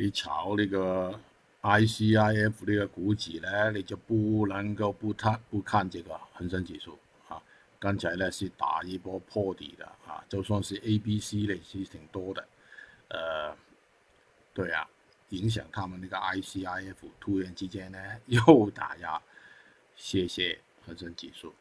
你炒那個 ICIF 那個股指呢，你就不能夠不看不看這個恒生指數啊！剛才呢是打一波破底的啊，就算是 A、B、C 咧，是挺多的，誒，對啊，影響他們那個 ICIF 突然之間呢，又打壓，謝謝恒生指數。